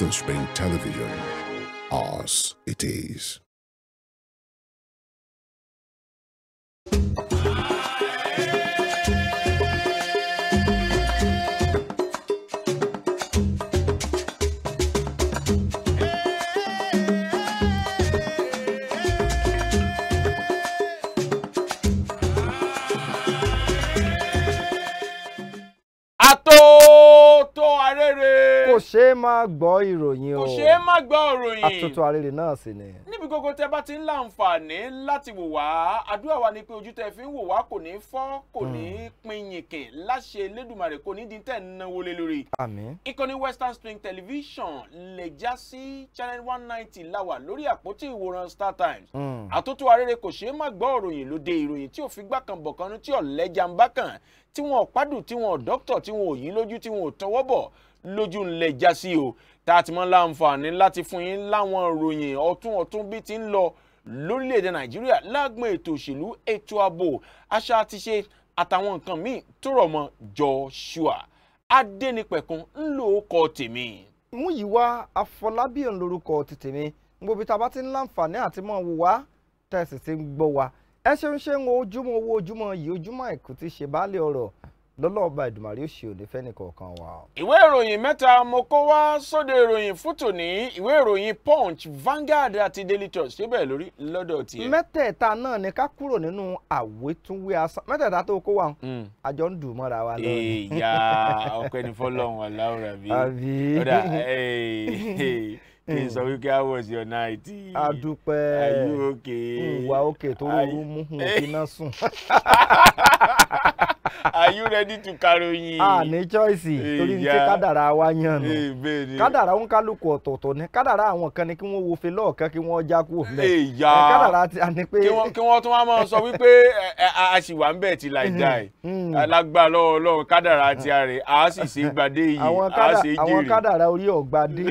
distance Spring television. Us it is. ṣe é má gbọ́ ìròyìn o kò ṣe é má gbọ́ ìròyìn àtúntò àrèrè náà sì ni. níbi gbogbo tẹ bá ti ń láǹfààní láti wò wá àdúrà wa ni pé ojú tẹ fi ń wò wá kò ní fọ́ kò ní hmm. pinyìnkìn láṣẹ Elédùmarè kò ní dín tẹ̀ ń náwó lé lórí. àmín. ìkànnì Western Spring Television lè já sí channel one ninety láwà lórí àpótí ìwòran Star Times. Hmm. àtúntò àrèrè kò ṣe é má gbọ́ ìròyìn lóde ìròyìn tí ò fi gbà kan bọ̀ kan tí ò lẹ́jà ń bá tí wọn ò pádùn tí wọn ò dókítà tí wọn ò yí lójú tí wọn ò tọwọ́ bọ̀ lójú ńlẹ̀ já o tá a ti mọ́ láǹfààní láti fún yín láwọn ìròyìn ọ̀tún ọ̀tún bí ti ń lọ lórílẹ̀‐èdè nàìjíríà lágbọn ètò òṣèlú ètò ààbò àṣà àti ṣe àtàwọn nǹkan míì tó rọ̀ mọ́ Joshua Adénípẹ̀kun ńlò kọ tèmi. Múyìwá Afọlábí òun lorúkọ ti tèmi gbogbo tá a bá ti ń láǹfààní àti mọ̀ wò wá tẹ̀sí ti ń gbọ́ wa ẹ ṣeun ṣeun ojúmọ́ owó ojúmọ́ yìí ojúmọ́ àìkú ti ṣe baálé ọ̀rọ̀ lọ́lọ́ọ̀ba ìdùmàrí òṣì òní fẹ́nìkọ̀ọ̀kan wa. ìwé ìròyìn mẹ́ta mo kó wá sóde ìròyìn fútò ní ìwé ìròyìn punch Vanguard àti Daily Trust síbẹ̀ lórí lọ́dọ̀ tiẹ̀. mẹ́tẹ̀ẹ̀ta náà ni ká kúrò nínú àwétúnwé asán mẹ́tẹ̀ẹ̀ta tó kó wa hmm. àjọ ń dùn mọ́ra wa lọ́wọ́. ìyá ọpẹ́ ní fọlọ́run aláwòrán bíi ọ̀dà kí n sọ wípé how was your night. a dúpẹ́ are you okay. tó rọrùn mú un kí náà sùn. are you ready to karòyìn. a ah, ní choice torí ní ṣe kádàrá wa yàn nù eh, kádàrá ń kálukú ọ̀tọ̀ọ̀tọ̀ ni kádàrá àwọn kan ni kí wọ́n wo fe lọ́ọ̀kan kí wọ́n já kúrò lẹ̀ eh, eh, kádàrá ti àní pé. kí wọ́n tún wá máa sọ wípé a sì wà ń bẹ̀ tí láì hmm, dáì hmm. alágbá lọ́wọ́ ọlọ́run kádàrá ti àrè a sì ṣe gbadé yìí a ṣe jèrè. àwọn kádàrá orí ọ̀gbadé.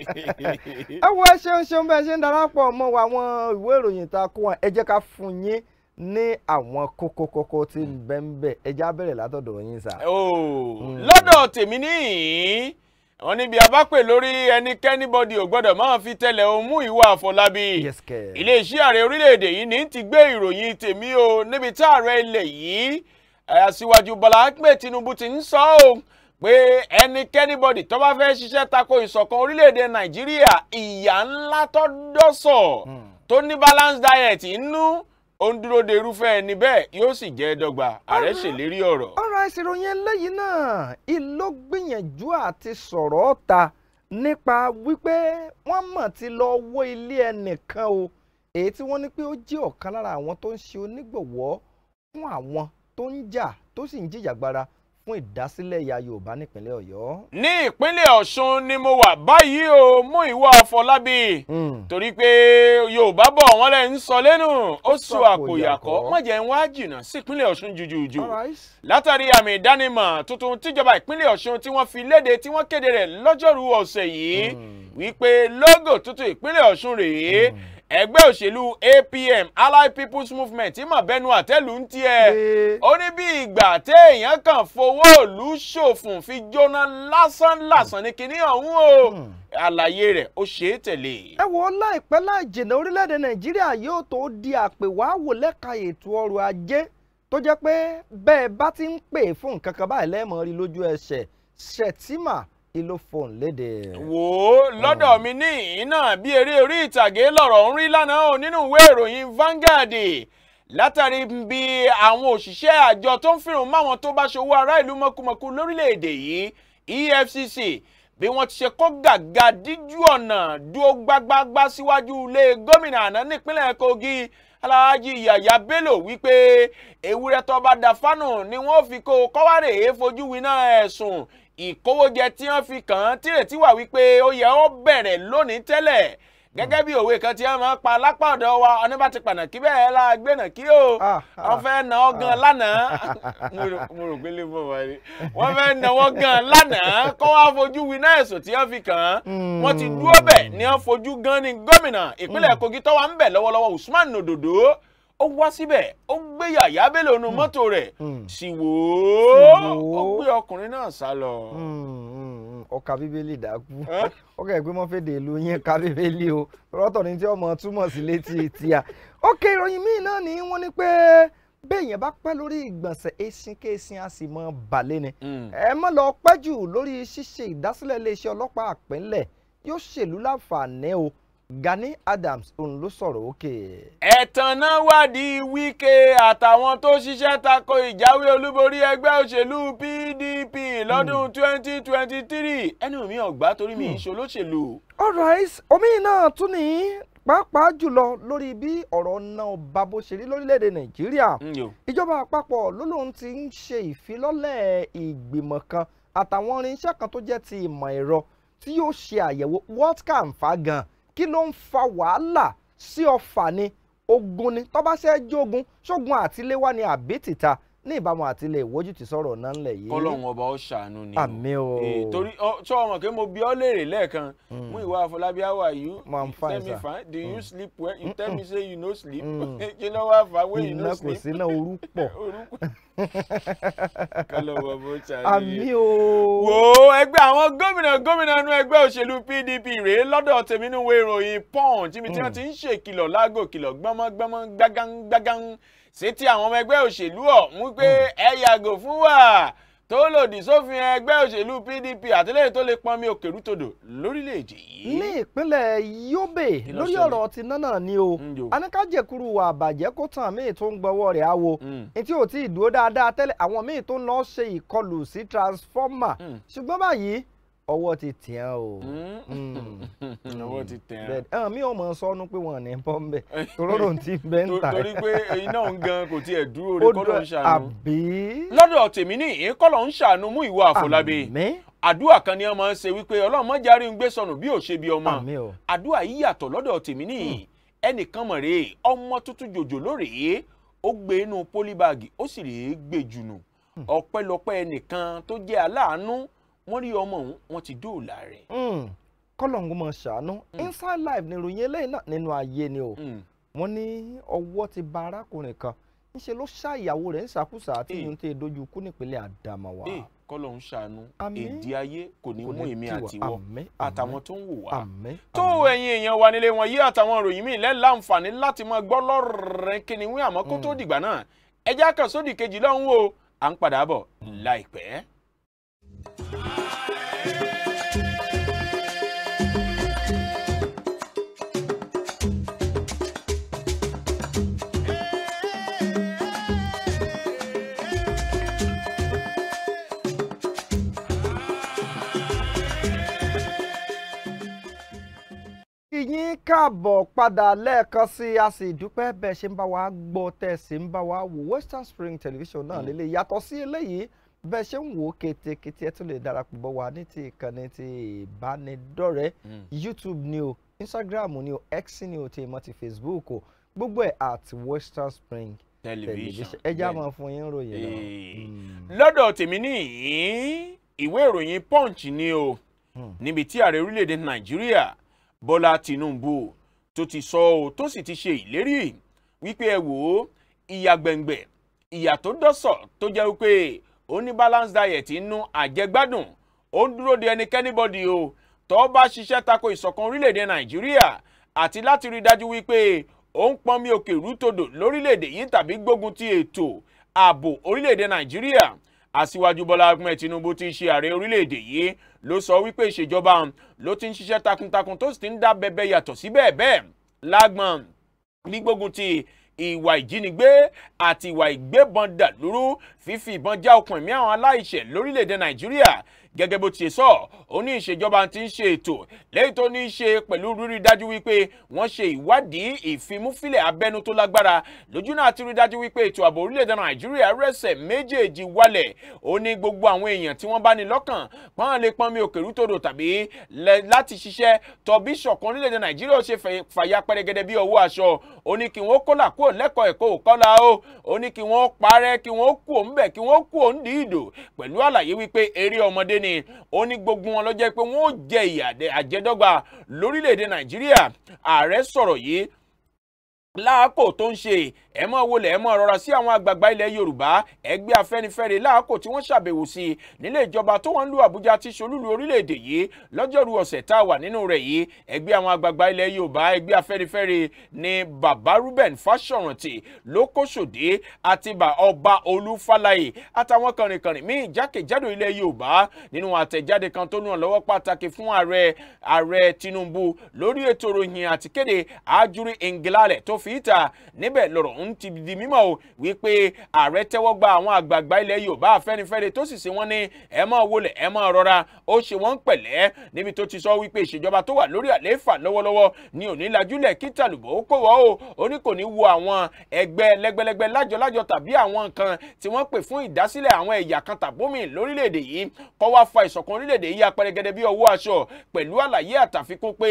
ẹ wo ẹ ṣeun ṣeun bẹ́ẹ̀ ṣe ń darapọ̀ mọ́ wa àwọn ìwé ìròyìn ta kó wọn ẹ jẹ́ ká fún yín ní àwọn kókó kókó tí ń bẹ ń bẹ ẹja bẹ̀rẹ̀ látọ̀dọ̀ yín sá. Hmm. lọ́dọ̀ tèmi níyìn wọn níbi abápè lórí ẹnikẹ́ni bọ́dì ò gbọ́dọ̀ máa fi tẹ̀lẹ̀ òmú ìwà àfọlábí iléeṣẹ́ ààrẹ orílẹ̀-èdè yìí ní ti gbé ìròyìn tèmi o níbi tá ààrẹ ilẹ̀ yìí aṣíwájú bọ́lá ahmed tinubu ti ń sọ ọ́ pé ẹnikẹ́ni bọ́dì tó bá fẹ́ ṣiṣẹ́ tako ìṣọ̀kan orílẹ̀-èdè nàìjíríà ìyà ńlá tó dọ́sọ̀ hmm. tó ní balanced diet inú ó ń dúró de irúfẹ́ ẹni bẹ́ẹ̀ yóò sì jẹ́ dọ́gba ààrẹ ṣèlérí ọ̀rọ̀. ọ̀rọ̀ ìṣèròyìn eléyìí náà ìló gbìyànjú àti sọ̀rọ̀ ta nípa wípé wọ́n mọ̀ ti lọ wó ilé ẹnìkan o èyí tí wọ́n ní pé ó jẹ́ ọ̀kan lára àwọn tó ń ṣe onígbọ̀wọ́ fún àwọn tó ń jà tó sì ń jìjàgbara fún ìdásílẹ̀ ìyá Yorùbá nípínlẹ̀ Ọ̀yọ́. ní ìpínlẹ̀ Ọ̀ṣun ni mo wà báyìí o mú ìwà Afọlábí hmm. torí pé Yorùbá bọ̀ wọ́n lẹ́ ń sọ lẹ́nu ó sọ àkòyàkọ́ má jẹ́ ń wá jìnnà sí ìpínlẹ̀ Ọ̀ṣun jùjùjù látàrí àmì ìdánimọ̀ tuntun tíjọba ìpínlẹ̀ Ọ̀ṣun tí wọ́n fi léde tí wọ́n kéde rẹ̀ lọ́jọ́rú ọ̀sẹ̀ yìí hmm. wípé lógò tuntun ìpínlẹ̀ Ọ̀ṣun rèé. Hmm ẹgbẹ́ òṣèlú APM Allied People's Movement tí mọ̀bẹ́nu àtẹ́lù ń tiẹ̀ ó ní bí ìgbà téèyàn kan fowó òlú ṣòfùn fi jóná lásánlàsán ní kinní ọ̀hún o hmm. àlàyé rẹ̀ ó ṣe é tẹ̀lé. ẹ wo láìpẹ́ láì jìnnà orílẹ̀-èdè Nàìjíríà yóò tó di àpèwáwò lẹ́ka ètò ọrọ̀ ajé tó jẹ́ pé bẹ́ẹ̀ bá ti ń pè fún nǹkan kan báyìí lẹ́ẹ̀mọ́ lójú ẹsẹ̀ Shettima Ilofone léde. wò ó lọ́dọ̀ hmm. mi ní ìyín náà bí eré orí ìtàgé lọ̀rọ̀ ń rí lánàá ò nínú ìwé ìròyìn Vanguard látàrí bí àwọn òṣìṣẹ́ àjọ tó ń fìrùn máwọn tó bá ṣòwò ará ìlú mọ̀kùmọ̀kù lórílẹ̀‐èdè yìí EFCC bí wọ́n ti ṣe kó gàgà díjú ọ̀nà dúró gbágbágbá síwájú ilé gómìnà àná nípínlẹ̀ Kogi Alhaji Yaya Bello wípé ewúrẹ́ tó bá da fánù ni wọ́n fi kó kọ́wárè é fojú winá ẹ̀sùn ìkówójẹ tí wọ́n fi kàn án tírètí wà wípé ó yẹ ó bẹ̀rẹ̀ lónìí tẹ́lẹ̀ gẹ́gẹ́ bí òwe kan tí wọ́n máa pa lápá ọ̀dọ̀ wa ọ̀ní bá ti pànà kí bẹ́ẹ̀ la gbẹ̀nà kí o ah, ah. wọ́n fẹ́ na ọ́ gan lánàá mo rò pé lè mọ̀ wá rí wọ́n fẹ́ na wọ́n gan lánàá kó wá fojú winá ẹ̀sùn tí wọ́n fi kàn án hmm. wọ́n ti dúró bẹ̀ ni wọ́n fojú gan ni gómìnà ìpínlẹ̀ Kogi tó wà ń bẹ̀ lọ́wọ́lọ́wọ́ Usman Ododo ó wá síbẹ̀ ó gbé yàyà bélò nu hmm. mọ́tò rẹ̀ sì hmm. wò ó ó gbé ọkùnrin náà sá lọ. ọkà hmm, bíbélì dákú ọkà ìgbìmọ̀ mọ́fẹ́dé ìlú yín ká bíbélì o rọ́tọ̀ ni tí ọmọ túmọ̀ sí létí tíya. ókè ìròyìn míì náà ni wọ́n ní pé béèyàn bá pẹ́ lórí ìgbọ̀nsẹ̀ eṣinkéṣin a sì mọ balẹ̀ ni ẹ mọ́ lọ pẹ́ jù lórí ṣíṣe ìdásílẹ̀ iléeṣẹ́ ọlọ́pàá àpẹ́ńlẹ̀ yóò ṣèlú láǹfààní o. Gani Adams òun ló ẹ̀tàn náà wádìí Wike àtàwọn tó ṣiṣẹ́ tako ìjáwé olúborí ẹgbẹ́ òṣèlú PDP lọ́dún hmm. twenty twenty three ẹnu mi ọ̀gbá torí mi hmm. ìṣó lóṣèlú. alright omi náà tún ní pàápàá jùlọ lórí bí ọ̀rọ̀ náà bá bó ṣe rí lórílẹ̀‐èdè Nàìjíríà hmm, ìjọba àpapọ̀ ló lóun ti ń ṣe ìfilọ́lẹ̀ ìgbìmọ̀ kan àtàwọn irinṣẹ́ kan tó jẹ́ ti ìmọ̀ ẹ̀rọ tí yóò ṣe àyẹ̀wò what can fa gan-an kí ló ń fa wàhálà sí ọfà ni ogun ni tó bá ṣe jógun ṣógun àtiléwá ni àbí tìta ní ìbámu àti ilé ìwójú ti sọ̀rọ̀ náà ńlẹ̀ yìí. kọ́lọ́hún ọba ó ṣàánú ni. àmì o. torí ṣọ́ ọmọ kí mo bí ọ léèrè lẹ́ẹ̀kan hmm. mú ìwà Àfọlábí how are you you tell me fine do you hmm. sleep well you tell me hmm. say you no sleep kí ló wá fà wey you no sleep. iná kò sí náà orú pọ̀. kọ́lọ́hún ọba ó ṣàánú. àmì o. wo ẹgbẹ́ àwọn gómìnà gómìnà inú ẹgbẹ́ òṣèlú PDP rèé lọ́dọ̀ tèmi nínú ìròyìn Punch ibi tí wọ́n ti ń ṣèkìlọ̀ lágòkìlọ̀ gbọ́mọgbọ́mọ gbágángbágán sétí àwọn ọmọ ẹgbẹ́ òṣèlú ọ̀hún pé hmm. ẹ yàgò fún wa tó lòdì sófin ẹgbẹ́ òṣèlú PDP àtìlẹ́yìn tó lè pọnmi òkèrú tòdò lórílẹ̀‐èdè yìí. ní ìpínlẹ̀ Yobe lórí ọ̀rọ̀ ti nánà ni o hmm, aníkàjẹkuru wà bàjẹ́ kó tàn míì tó ń gbọ́wọ́ rẹ̀ á wo etí hmm. ò tí ì dúró dáadáa tẹ́lẹ̀ àwọn míì tó ń lọ ṣe ìkọlù sí transformer ṣùgbọ́n báyìí ọwọ́ ti tẹ̀ ẹ́ o. Hmm. ọwọ́ ti tẹ̀ ẹ́. bẹ́ẹ̀ ah, mi ò mọ sọ́nù pé wọ́n ní bọ́ ń bẹ̀ toróró ti bẹ́ ń ta. torí pé èyí náà ń gan kò tiẹ̀ dúró rẹ̀ kọ́lọ̀ ń ṣàánú. àbí. lọ́dọ̀ tèmi ní ìyẹn kọ́lọ̀ ń ṣàánú mú ìwà àfọlábí. àmín. àdúrà kan ni wọ́n máa ń ṣe wípé ọlọ́run má járe ń gbé sọnù bí ò ṣe bí ọmọ. àmín o. àdúrà yìí yàtọ̀ lọ́dọ̀ tèmi ní ẹnìkan mọ̀ rèé ọmọ tuntun jòjò lóòrèé ó gbé inú pólíbáàgì ó sì rèé gbé jùnù hmm. ẹnìkan tó jẹ́ aláàánú wọ́n rí ọmọ òun wọ́n ti dóòlà rẹ̀. Hmm. kọ́lọ̀ǹgù mọ̀ ṣàánú hmm. inside life ni ìròyìn eléyìí náà nínú ayé ni o hmm. wọ́n ní ọwọ́ ti ba arákùnrin kan ńṣe ló ṣá ìyàwó rẹ̀ ń ṣàkóso àti ìyún tẹ́ dojú kú nípínlẹ̀ Adamawa. kọ́lọ̀ǹ ṣàánú èdè ayé kò ní mú èmi àti wọ àtàwọn tó ń wò wá. tó ẹ̀yin èèyàn wa nílé wọn yí àtàwọn ìròyìn míì lẹ́ láǹfààní láti máa gbọ́ lọ́rẹ̀ kìnìún àmọ́ kó tó dìgbà náà ẹjẹ́ àkànṣódì kejì lọ́hùn-ún o à ń padà bọ̀ láìpẹ́. yín káàbọ̀ padà lẹ́ẹ̀kan sí a sì dúpẹ́ bẹ́ẹ̀ ṣe ń bá wa gbọ́ tẹ̀ sí ń bá wa wò Western Spring Television náà lélẹ̀ yàtọ̀ sí eléyìí bẹ́ẹ̀ ṣe ń wò ó ketekete ẹ tún lè darapọ̀ bọ̀ wá ní ti ìkànnì ti ìbánidọ́rẹ̀ẹ́ hmm. YouTube ni o Instagram ni o X ni o ti ìmọ̀ ti Facebook o gbogbo ẹ̀ at Western Spring Television ẹ já máa fún yín ròyìn náà. Hmm. lọ́dọ̀ tèmi nìyí ìwé ìròyìn Punch ni o hmm. níbi tí ààrẹ orílẹ̀-èdè Nàìjíríà bọ́lá tinubu tó ti sọ ọ́ tó sì ti ṣe ìlérí wípé ẹ wò ó ìyà gbẹ̀ngbẹ̀ ìyà tó dọ́sọ̀ tó jẹ́ wípé ó ní balance diet nínú àjẹgbádùn ó ń dúró de ẹnikẹ́ni bọ́dì o tó bá ṣiṣẹ́ tako ìṣọ̀kan orílẹ̀-èdè nàìjíríà àti láti rí dájú wípé ó ń pọnmi òkè rútòdò lórílẹ̀-èdè yìí tàbí gbógun ti ètò ààbò orílẹ̀-èdè nàìjíríà aṣíwájú bọ́lá ahmed tinubu ti ṣe ààrẹ orílẹ̀-èdè yìí ló sọ wípé ìṣèjọba ló ti ń ṣiṣẹ́ takuntakun tó sì ti ń dá bẹbẹ yàtọ̀ sí bẹ́ẹ̀ bẹ́ẹ̀ lágbọ̀n nígbógun ti ìwà ìjínigbé àti ìwà ìgbébọn dàlúrú fífi ìbọn já okùn ẹ̀mí àwọn aláìṣẹ̀ lórílẹ̀-èdè nàìjíríà gẹ́gẹ́ bó ti sọ ó ní ìṣèjọba ti ń ṣe ètò lẹ́yìn tó ní í ṣe pẹ̀lú rírí dájú wípé wọ́n ṣe ìwádìí ìfimúfilẹ̀ abẹ́nu tó lágbára lójú náà ti rí dájú wípé ètò ààbò orílẹ̀-èdè nàìjíríà rẹ̀sẹ̀ méjèèjì wálẹ̀ ó ní gbogbo àwọn èèyàn tí wọ́n bá ní lọ́kàn pọ́n lè pọ́n mi òkèrú tòdò tàbí láti ṣiṣẹ́ tọ́bí ṣọ̀kan orílẹ̀-èdè nàìjíríà ó ṣe fàyà pẹ́rẹ́gẹ́dẹ́ o ó ni ó ní gbogbo wọn ló jẹ́ pé wọ́n ó jẹ ìyà àjẹdọ́gba lórílẹ̀‐èdè nàìjíríà ààrẹ sọ̀rọ̀ yìí láàkò tó ń ṣe ẹ mọ wo lẹ mọ rọra sí àwọn àgbààgbà ilẹ̀ yorùbá ẹgbẹ́ afẹ́nifẹ́re láàkò tí wọ́n ṣàbẹ̀wò sí nílé ìjọba tó wọ́n ń lu àbújá ti ṣolúlu orílẹ̀-èdè yìí lọ́jọ́rú ọ̀sẹ̀ tá a wà nínú rẹ̀ yìí ẹgbẹ́ àwọn àgbààgbà ilẹ̀ yorùbá ẹgbẹ́ afẹ́nifẹ́re ni bàbá ruben fásọ̀rántì lókòṣòdé àti ọba olúfàlàyé àtàwọn kànrìnkànrìn míì jákèjádò ilẹ̀ yorùbá nínú àtẹ̀jáde kan tó ràn lọ́wọ́ pàtàkì fún ààrẹ fìtà níbẹ̀ lọ̀rọ̀ ń ti di mímọ̀ o wípé ààrẹ tẹ́wọ́ gba àwọn àgbààgbà ilẹ̀ yorùbá afẹ́nifẹ́re tó sì sí wọn ní ẹ mọ́ wọlẹ̀ ẹ mọ́ rọra ó ṣe wọ́n pẹ̀lẹ́ níbi tó ti sọ wípé ìṣèjọba tó wà lórí àlééfà lọ́wọ́lọ́wọ́ ni òní lajúlẹ̀ kí tàlùbọ̀ ó kó wọ́ o ó ní kò ní wo àwọn ẹgbẹ́ lẹ́gbẹ́lẹ́gbẹ́ lájọlájọ tàbí àwọn nǹkan tí wọ́n pè fún ìdásílẹ̀ àwọn ẹ̀yà kan tàbómi lórílẹ̀‐èdè yìí kọ́ wá fa ìṣọ̀kan orílẹ̀‐èdè yìí apẹrẹgẹdẹ bí ọwọ́ aṣọ pẹ̀lú àlàyé àtàfikún pé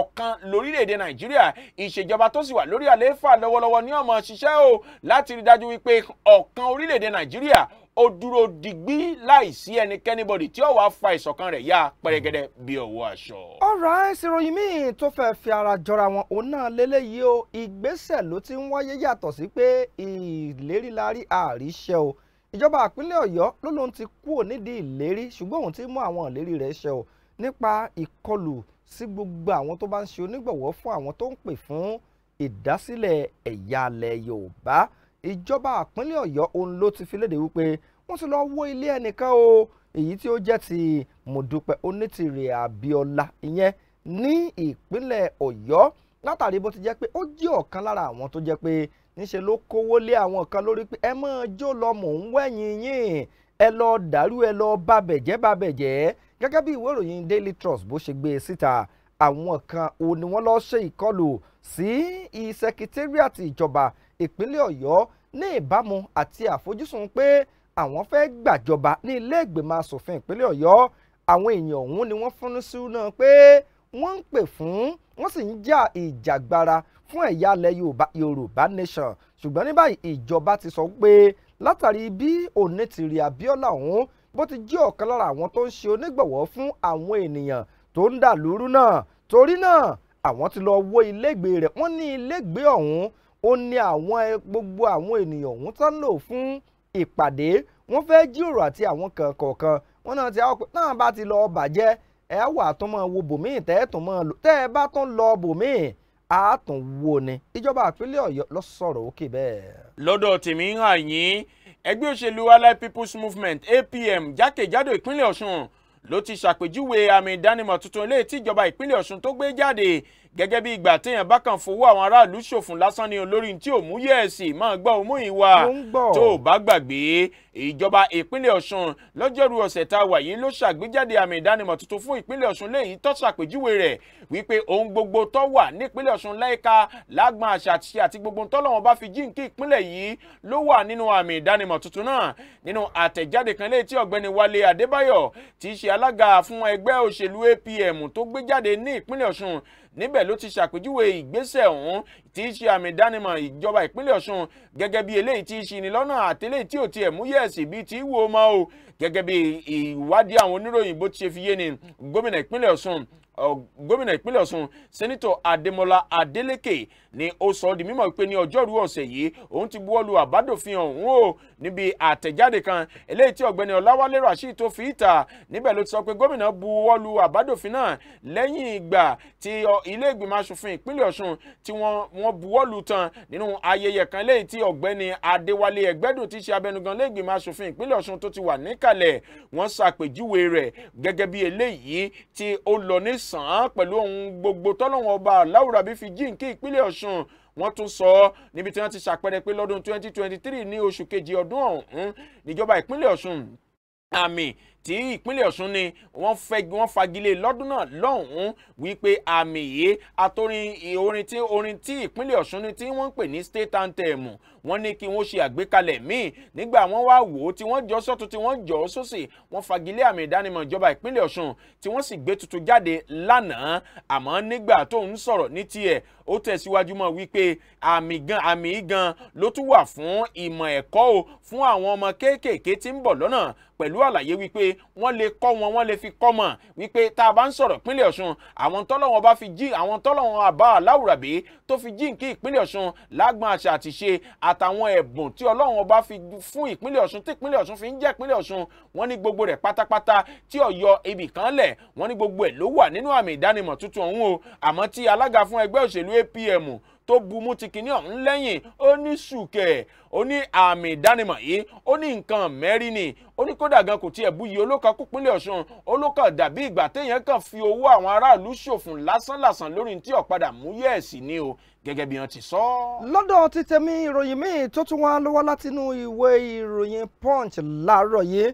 ọ̀kan lórílẹ̀‐èdè nàìjíríà ìṣèjọba tó sì wà lórí àlééfà lọ́wọ́lọ́wọ́ ní ọmọ ṣiṣẹ́ o láti rí dájú wípé ọ̀kan orílẹ̀-èdè nàìjíríà ó dúró digbí láìsí ẹnikẹ́ni bọ̀dì tí ó wàá fa ìṣọ̀kan rẹ̀ yá pẹ́rẹ́gẹ́dẹ́ bí ọwọ́ aṣọ. ọ̀rọ̀ àìsàn ìròyìn míì tó fẹ́ fi ara jọra wọn òun náà lélẹ́yìí o ìgbésẹ̀ ló ti ń wáyé yàtọ̀ sí pé ìlérí la rí àríṣẹ́ o ìjọba àpínlẹ̀ ọ̀yọ́ ló lóun ti kúrò nídìí ìlérí ṣùgbọ́n òun ti mú àwọn ìlérí rẹ̀ ṣẹ o nípa ìkọlù sí gbogbo àwọn tó bá ń ṣe onígbọ̀wọ́ fún àwọn tó ń pè fún ìdásílẹ̀ ẹ̀yà alẹ̀ Yorùbá ìjọba àpínlẹ̀ Ọ̀yọ́ òun ló ti fi léde wípé wọ́n ti lọ wó ilé ẹnìkan o èyí tí ó jẹ́ ti Mọ̀dúpẹ́ Onítìrì Abíọ́lá ìyẹn ní ìpínlẹ̀ Ọ̀yọ́ látàrí bó ti jẹ́ pé ó jẹ́ ọ̀kan lára àwọn tó jẹ́ pé níṣe ló kówó lé àwọn kan lórí pé ẹ mọ́ jó lọ mò ń wẹ̀yìn yín ẹ lọ dàrú ẹ lọ bàbẹ̀jẹ́ bàbẹ̀jẹ́ gẹ́gẹ́ bí ìwé ìròyìn Daily Trust bó ṣe gbé e síta àwọn kan òun ni wọ́n lọ́ọ́ ṣe ìkọlù sí ìsẹkítẹ́rìàtì ìjọba ìpínlẹ̀ ọ̀yọ́ ní ìbámu àti àfojúsùn pé àwọn fẹ́ gbàjọba ní ilé ìgbìmọ̀ asòfin ìpínlẹ̀ ọ̀yọ́ àwọn èèyàn ọ̀hún ni wọ́n fúnni sí náà pé wọ́n ń pè fún wọ́n sì ń jà ìjàgbara fún ẹ̀yà alẹ́ yorùbá nation ṣùgbọ́n ní báyìí ìjọba ti sọ pé látàrí bí onítìrì abíọ́lá ọ̀hún bó ti jẹ́ ọ̀kan lára àwọn tó ń ṣe onígbọ̀wọ́ fún àwọn ènìyàn tó ń dà lúrú náà torí náà àwọn ti lọ wó ilégbèé rẹ̀ wọ́n ní ilégbèé ọ̀hún ó ní àwọn gbogbo àwọn ènìyàn ọ̀hún tán lò fún ìpàdé wọ́n fẹ́ jíròrò àti àwọn kọ̀ọ̀kan wọ́n náà ti àwọn náà bá ti lọ bàjẹ́ ẹ wà tó máa wo bòmíì tẹ́ ẹ tó máa lò tẹ́ ẹ bá tó ń lọ bòmíì á tún wo ni ìjọba àpínlẹ̀ ọ̀yọ́ lọ sọ̀rọ̀ òkè bẹ́ẹ̀. lọ́dọ̀ tèmi ń hàn yín ẹgbẹ́ òṣèlú allied people's movement apm jákèjádò ìpínlẹ̀ ọ̀ṣun ló ti ṣàpèjúwe àmì ìdánimọ̀ tuntun ilé tíjọba ìpínlẹ̀ Ọ̀ṣun tó gbé jáde gẹ́gẹ́ bí ìgbà téèyàn bá kàn fowó àwọn aráàlú ṣòfún lásán ni olórí tí ò mú yẹ̀ẹ̀sì máa gbọ́ òmú ìwà tó o bá gbàgbé ìjọba ìpínlẹ̀ ọ̀ṣun lọ́jọ́rú ọ̀sẹ̀ tá a wà yìí ló ṣàgbéjáde àmì ìdánimọ̀ tuntun fún ìpínlẹ̀ ọ̀ṣun léyìí tó ṣàpèjúwe rẹ̀ wípé ohun gbogbo tó wà nípínlẹ̀ ọ̀ṣun láìka lágbọn àṣà àti àti gbogbo tọ́lọ́wọ́n bá fi jíǹkí ìpínlẹ̀ yìí ló wà nínú àmì ìdánimọ̀ tuntun náà nínú àtẹ̀jáde kan léyìí tí ọ̀gbẹ́ni wálé adébáyọ̀ tí í ṣe alága fún ẹgbẹ́ òṣèlú apm tó gbé jáde ní ìpínlẹ̀ ọ̀ṣun níbẹ̀ ló ti ṣàpèjúwe ìgbésẹ̀ ọ̀hún tí í ṣe àmì ìdánimọ̀ ìjọba ìpínlẹ̀ Ọ̀ṣun gẹ́gẹ́ bí eléyìí tí í ṣe ni lọ́nà àtẹlẹ́ tí ò tiẹ̀ múyẹ̀sì bíi ti wò ó mọ́ o gẹ́gẹ́ bí ìwádìí àwọn oníròyìn bó ti ṣe fi yé ni gómìnà ìpínlẹ̀ Ọ̀ṣun gómìnà ìpínlẹ̀ Ọ̀ṣun sẹ́nitọ̀ Adémọ́lá Adélékè ni ó sọ di mímọ̀ pé ní ọjọ́rú ọ̀sẹ̀ yìí òun ti buwọ́lu àbádòfin ọ̀hún o níbi àtẹ̀jáde kan eléyìí tí ọ̀gbẹ́ni ọ̀làwálé rasheed tó fi ìta níbẹ̀ ló ti sọ pé gómìnà buwọ́lu àbádòfin náà lẹ́yìn ìgbà tí ilé ìgbìmọ̀ asòfin ìpínlẹ̀ ọ̀ṣun tí wọ́n buwọ́lu tán nínú ayẹyẹ kan eléyìí tí ọ̀gbẹ́ni adéwálé ẹgbẹ́dùn ti ṣe abẹnugan lẹ́gbìmọ̀ asòfin ìpínlẹ̀ ọ̀ṣun tó ti wà níkàlẹ̀ wọ́n ṣàpèjúwe rẹ̀ gẹ́gẹ́ bí eléyìí tí ó lọ ní án pẹ̀lú ohun gbogbo tọ́lọ́wọ́n ọba aláwùrábí fi jíǹkí ìpínlẹ̀ ọ̀ṣun Ọ̀ṣun wọ́n tún sọ ọ́ níbi tí wọ́n ti ṣàpẹẹrẹ pé lọ́dún 2023 ní oṣù kejì ọdún ọ̀hún níjọba ìpínlẹ̀ Ọ̀ṣun àmì tí ìpínlẹ̀ Ọ̀ṣun ni wọ́n fẹ́ wọ́n fagilé lọ́dún náà lọ́hùn-ún wípé àmì yìí àtòrin orin tí orin tí ìpínlẹ̀ Ọ̀ṣun ni tí wọ́n ń pè ní state anthem wọ́n ní kí wọ́n ṣe àgbékalẹ̀ míì nígbà wọ́n wá wò ó tí wọ́n jọ sọ́tún tí wọ́n jọ sósì wọ́n fagilé àmì ìdánimọ̀ ìjọba ìpínlẹ̀ Ọ̀ṣun tí wọ́n sì gbé tuntun jáde lánàá àmọ́ nígbà tó ń sọ̀rọ̀ ní tiẹ̀ ó tẹ̀síwájú mọ́ wípé àmì gan àmì gan ló tún wà fún ìmọ̀ ẹ̀kọ́ o fún àwọn ọmọ kéékèèké tí ń bọ̀ lọ́nà pẹ̀lú àlàyé wípé wọ́n lè kọ́ wọn wọ́n lè fi kọ́ mọ̀ wípé tá a bá ń sọ̀rọ̀ ìpínlẹ̀ Ọ̀ṣun àwọn tọ́lọ́wọ́n bá fi jí àwọn tọ́lọ́wọ́n àbá aláwùrábí tó fi jí nǹkí ìpínlẹ̀ Ọ̀ṣun lágbọn àṣà àtìṣe àtàwọn ẹ̀bùn tí ọlọ́run ọba fi fún ìpínlẹ̀ ọ̀ṣun tí ìpínlẹ̀ ọ̀ṣun fi ń jẹ́ ìpínlẹ̀ ọ̀ṣun wọ́n ní gbogbo rẹ̀ pátápátá tí ọ̀yọ́ ibì kan lẹ̀ wọ́n ní gbogbo ẹ̀ ló wà nínú àmì ìdánimọ̀ tuntun ọ̀hún o àmọ́ tí alága fún ẹgbẹ́ òṣèlú APM tó bumú ti kinní ọ̀hún lẹ́yìn ó ní ṣùkẹ́ ó ní àmì ìdánimọ̀ yìí ó ní nǹkan mẹ́rin ni ó ní kódà gan kò tiẹ̀ buyì olókan kúpínlẹ̀ ọ̀ṣun olókan dàbí ìgbà téèyàn kàn fi owó àwọn aráàlú ṣòfò lásánlàsàn lórí tí ọ̀padà mú yẹ̀ẹ̀sì ni o gẹ́gẹ́ bí wọ́n ti sọ. lọ́dọ̀ ti tẹ̀mí ìròyìn míì tó tún wá lọ́wọ́ látinú ìwé ìròyìn punch láàárọ̀ yìí